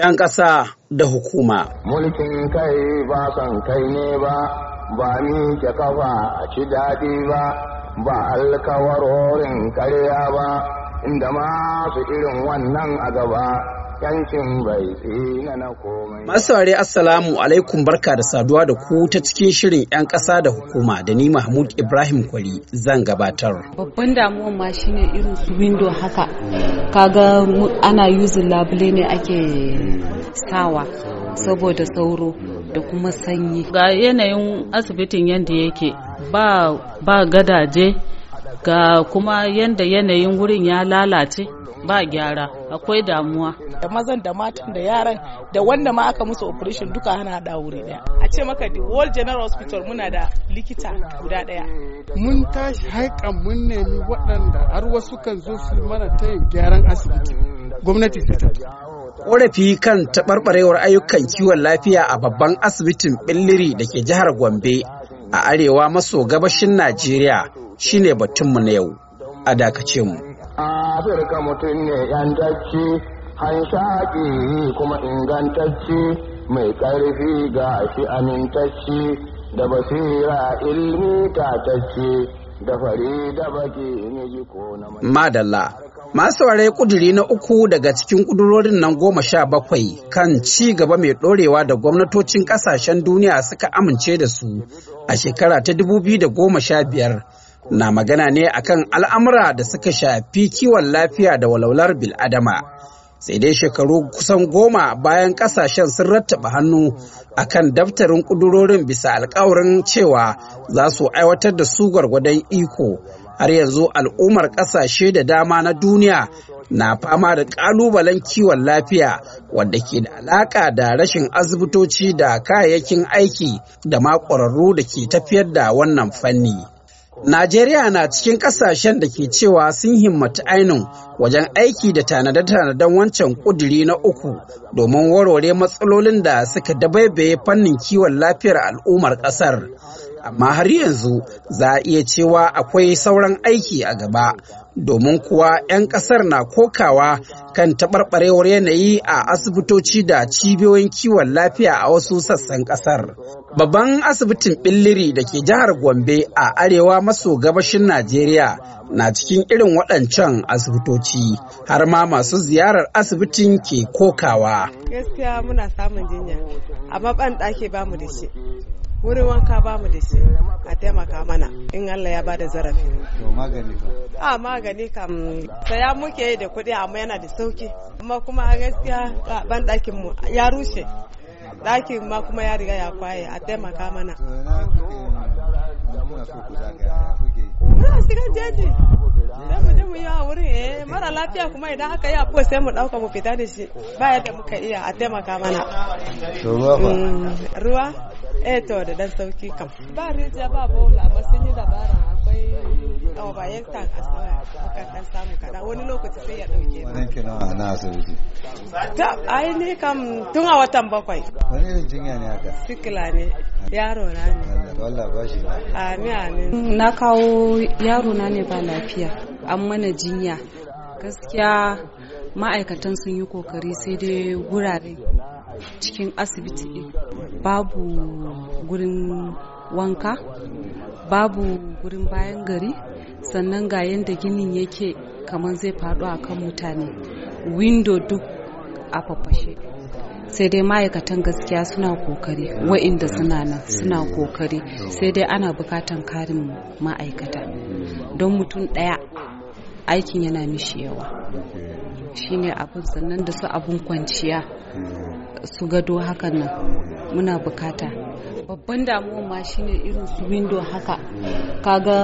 'yan ƙasa da hukuma. Mulkin kai ba san kai ne ba, ba ni ke kafa a ci daɗi ba, ba alkawarorin karya ba, inda masu irin wannan a gaba. yankin bai fi na komai. Masu saurare Assalamu alaikum barka da saduwa da ku ta cikin shirin 'yan ƙasa da hukuma da ni Mahmud Ibrahim Kwari zan gabatar. Babban damuwan ma shine irin su window haka kaga ana yuzi labule ne ake sawa saboda sauro da kuma sanyi. Ga yanayin asibitin yadda yake ba, ba gadaje ga kuma yadda yanayin wurin ya lalace. ba gyara akwai damuwa da mazan da matan da yaran da wanda ma aka musu operation duka hana da wuri daya a ce maka the world general hospital muna da likita guda daya mun tashi haika mun nemi waɗanda har wasu kan zo su mana tayin gyaran asibiti gwamnati ta ƙorafi kan taɓarɓarewar ayyukan kiwon lafiya a babban asibitin billiri da ke jihar gombe a arewa maso gabashin najeriya shine batunmu na yau a dakace mu afirka mutum ne yantacce hanshaƙi kuma ingantacce mai ƙarfi ga shi amintacce da basira ilmi tatacce da fari da baki ne ko na madalla masu kuduri na uku daga cikin kudurorin nan goma sha bakwai kan ci gaba mai ɗorewa da gwamnatocin ƙasashen duniya suka amince da su a shekara ta dubu biyu da goma sha biyar na magana ne akan al'amura da suka shafi kiwon lafiya da walaular bil'adama. Sai dai shekaru kusan goma bayan kasashen sun rattaba hannu akan daftarin ƙudurorin bisa alkawarin cewa za su aiwatar da su gwargwadon iko. Har yanzu al'ummar ƙasashe da dama na duniya na fama da kalubalen kiwon lafiya wadda ke da alaka da rashin asibitoci da kayayyakin aiki da ma ƙwararru da ke tafiyar da wannan fanni. Najeriya na cikin kasashen da ke cewa sun himmatu ainun wajen aiki da tanade-tanaden wancan kuduri na uku domin warware matsalolin da suka dabaibaye fannin kiwon lafiyar al'ummar kasar. Amma har yanzu za a iya cewa akwai sauran aiki a gaba domin kuwa 'yan kasar na kokawa kan taɓarɓarewar yanayi a asibitoci da cibiyoyin kiwon lafiya a wasu sassan kasar. Babban asibitin Billiri da ke jihar Gombe a arewa maso gabashin Najeriya na cikin irin waɗancan asibitoci har ma masu ziyarar asibitin ke kokawa. Gaskiya muna samun jinya, amma ban ɗake bamu da shi. wurin wanka ba mu da shi a taimaka mana in Allah ya da zarafi to magani a magani kam saya muke yi da kuɗi amma yana da sauki amma kuma a gaskiya ban ɗakin mu ya rushe ɗakin ma kuma ya riga ya kwaye a taimaka mana muna shiga jeji sai mu je mu yi a wurin eh mara lafiya kuma idan aka yi afuwa sai mu ɗauka mu fita da shi ba yadda muka iya a taimaka mana ruwa eh to da dan sauki kam ba rijiya ba bola amma sun yi dabara akwai awa oh, yan tan a sauya akan dan samu kada wani lokaci sai ya dauke wannan kina na asibiti ta ai ne kam tun a watan bakwai wani irin jinya ne aka sikila ne yaro na ne wallahi ba shi amin amin na kawo yaro na ne ba lafiya an mana jinya gaskiya ma'aikatan sun yi kokari sai dai wurare cikin asibiti babu gurin wanka babu gurin bayan gari sannan ga yadda ginin yake kamar zai faɗo a kan mutane windo duk a fafashe sai dai ma'aikatan gaskiya suna kokari wa'inda suna nan suna kokari sai dai ana bukatan karin ma'aikata don mutum ɗaya aikin yana mishi yawa shine abin sannan da su abun kwanciya su gado hakan nan muna bukata babban damuwa ma shine irin su window haka kaga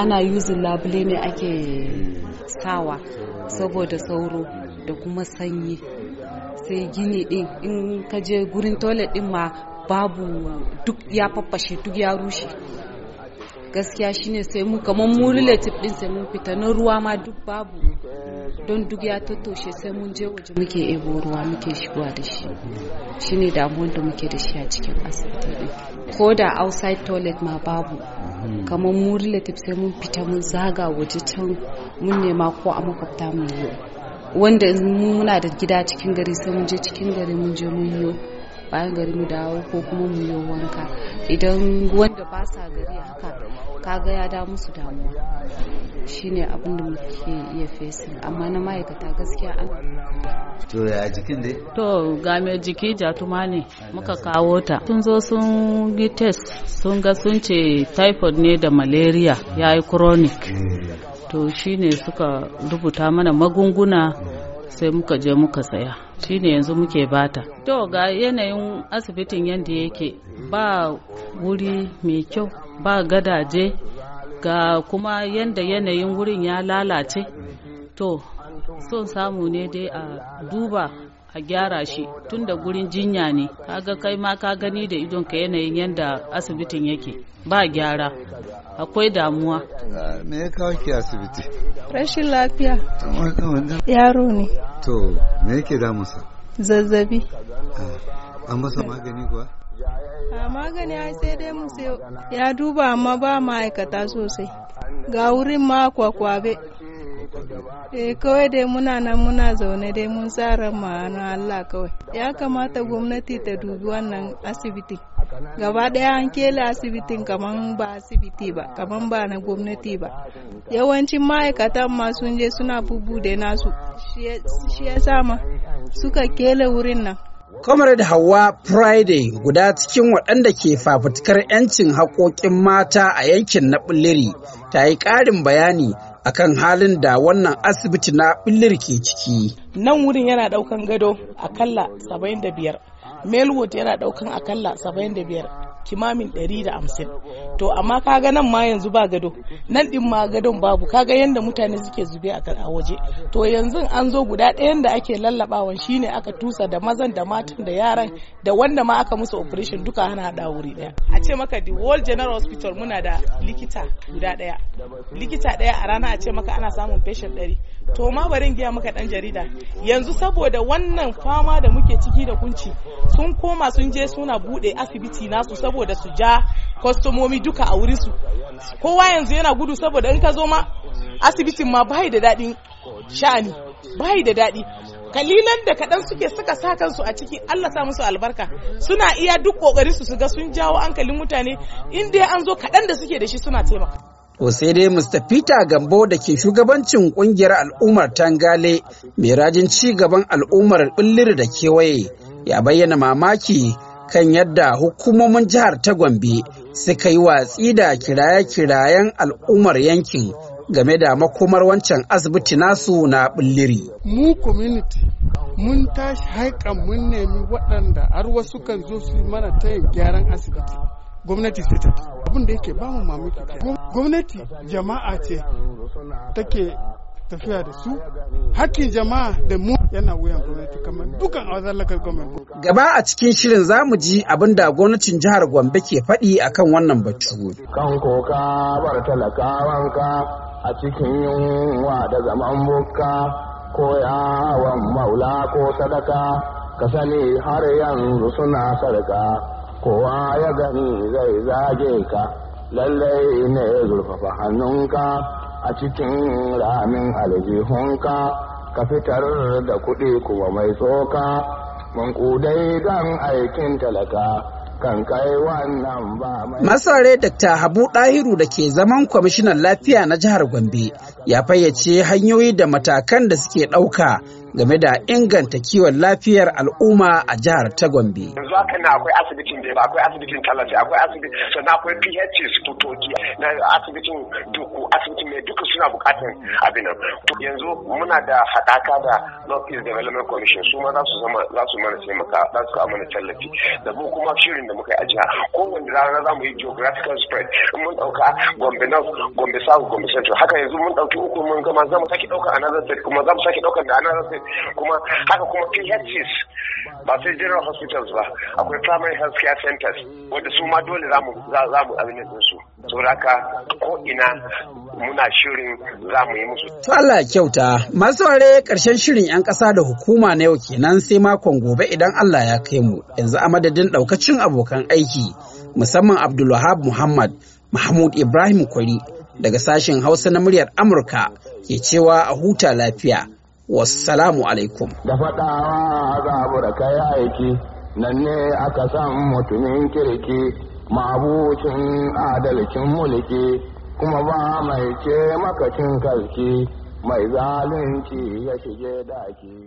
ana yuzi labule ne ake sawa saboda sauro da kuma sanyi sai gini din in ka je gurin toilet din ma babu duk ya faffashe duk ya rushe gaskiya shine sai mu kamar mu relative din sai mun fita na ruwa ma duk babu don duk ya tattoshe sai mun je waje muke ebo ruwa muke shigowa da shi shine damuwar da muke da shi a cikin asibiti din ko da outside toilet ma babu kamar mu relative sai mun fita mun zaga waje can mun nema ko a makwabta mu yi wanda muna da gida cikin gari sai mun je cikin gari mun je mun yi bayan gari mu dawo ko kuma mu yi wanka idan wanda ba sa gari haka kaga ya da musu damuwa shine abin da muke iya fesin amma na ma'aikata gaskiya an to ya jikin dai to ga mai jiki jatuma ne muka kawo ta sun zo sun yi test sun ga sun ce typhoid ne da malaria ya yi chronic eh. to shine suka rubuta mana magunguna sai muka je muka saya shi shine yanzu muke bata to ga yanayin asibitin yadda yake ba wuri mai kyau ba gadaje ga kuma yadda yanayin wurin ya lalace to son samu ne dai a duba a gyara shi tun da gurin jinya ne kaga kai ma ka gani da idon ka yanayin yadda asibitin yake ba gyara akwai damuwa me ya kawo ki asibiti rashin lafiya yaro ne to me yake damusa zazzabi ah, an masa magani kuwa a ah, magani ai sai dai musu ya duba amma ba ma'aikata sosai ga wurin ma kwakwabe Eh kawai dai muna nan muna zaune dai mun tsara ma'ana Allah kawai. Ya kamata gwamnati ta dubi wannan asibiti. Gaba ɗaya an kela asibitin kaman ba asibiti ba, kaman ba na gwamnati ba. Yawancin ma'aikatan ma sun je suna bubude nasu. Shi ya sama suka kela wurin nan. da Hawa Friday guda cikin waɗanda ke fafutukar 'yancin haƙoƙin mata a yankin na ta yi ƙarin bayani akan halin da wannan asibiti na billir ke ciki. Nan wurin yana ɗaukan gado akalla 75, Melwood yana daukan akalla 75. kimamin ɗari hamsin to amma kaga nan ma yanzu ba gado nan din ma gadon babu kaga yanda mutane suke zube a waje to yanzu an zo guda ɗayan da ake lallabawan shine aka tusa da mazan da matan da yaran da wanda ma aka musu operation duka ana hada wuri daya a ce maka the world general hospital muna da likita guda daya likita ɗaya a rana a ce maka ana samun patient ɗari to ma barin giya maka ɗan jarida yanzu saboda wannan fama da muke ciki da kunci sun koma sun je suna buɗe asibiti nasu saboda saboda su ja kwastomomi duka a wurin su kowa yanzu yana gudu saboda in ka zo ma asibitin ma bai da daɗin sha'ani bai da daɗi kalilan da kaɗan suke suka sa kansu a ciki Allah sa musu albarka suna iya duk ƙoƙarin su ga sun jawo hankalin mutane in dai an zo kaɗan da suke da shi suna taimaka. To sai dai Mr. Peter Gambo da ke shugabancin ƙungiyar al'ummar Tangale mai rajin ci gaban al'ummar Billiri da kewaye ya bayyana mamaki kan yadda hukumomin jihar ta Gombe suka yi watsi da kiraye-kirayen al'ummar yankin game da makomar wancan asibiti nasu na bulliri. Mu community mun tashi haikan mun nemi waɗanda har wasu kan zo su mana tayin gyaran asibiti. Gwamnati state abin da yake ba mu mamaki. Gwamnati jama'a ce take tafiya da su hakkin jama'a da mu yana wuyan gwamnati kamar dukan gwamnati. Gaba a cikin shirin za mu ji abin da gwamnatin jihar Gombe ke faɗi akan wannan batu. Kan koka bar talakawanka a cikin yunwa da zaman buka ko yawon maula ko sadaka ka sani har yanzu suna sarka kowa ya gani zai zage ka lallai ne zurfafa hannunka a cikin ramin aljihunka ka fitar da kuɗi kuma mai tsoka mankudai don aikin talaka kan kai wannan ba mai. Masare Dr. Habu Ɗahiru da ke zaman kwamishinan lafiya na jihar Gombe ya fayyace hanyoyi da matakan da suke ɗauka game da inganta kiwon lafiyar al'umma a jihar ta Gombe. Yanzu haka na akwai asibitin Beba, akwai asibitin Talaji, akwai asibitin sannan akwai PHC Sukutoki, na asibitin Duku, asibitin mai duka suna bukatan abin nan. Yanzu muna da haɗaka da North East Development Commission su ma za su zama mana taimaka za su kawo mana tallafi da mu kuma shirin da muka yi a jiha kowane rana za mu yi geographical spread in mun ɗauka Gombe North, Gombe South, Gombe Central haka yanzu mun ɗauki sati uku gama za sake ɗauka another kuma sake ɗaukar da another set kuma haka kuma PHCs ba sai general hospitals ba akwai primary health care centers wanda su ma dole za mu za mu abin su saboda haka ko ina muna shirin za mu yi musu to Allah ya kyauta masu ware karshen shirin yan ƙasa da hukuma na yau kenan sai makon gobe idan Allah ya kai mu yanzu a madadin ɗaukacin abokan aiki musamman Abdulwahab Muhammad Mahmud Ibrahim Kwari daga sashen Hausa na muryar Amurka ke cewa a huta lafiya. Wassalamu alaikum. Da faɗawa za da kai aiki, nan ne aka san mutumin kirki, mabucin adalcin mulki, kuma ba mai ce makacin kalki, mai zalunci ya shige daki.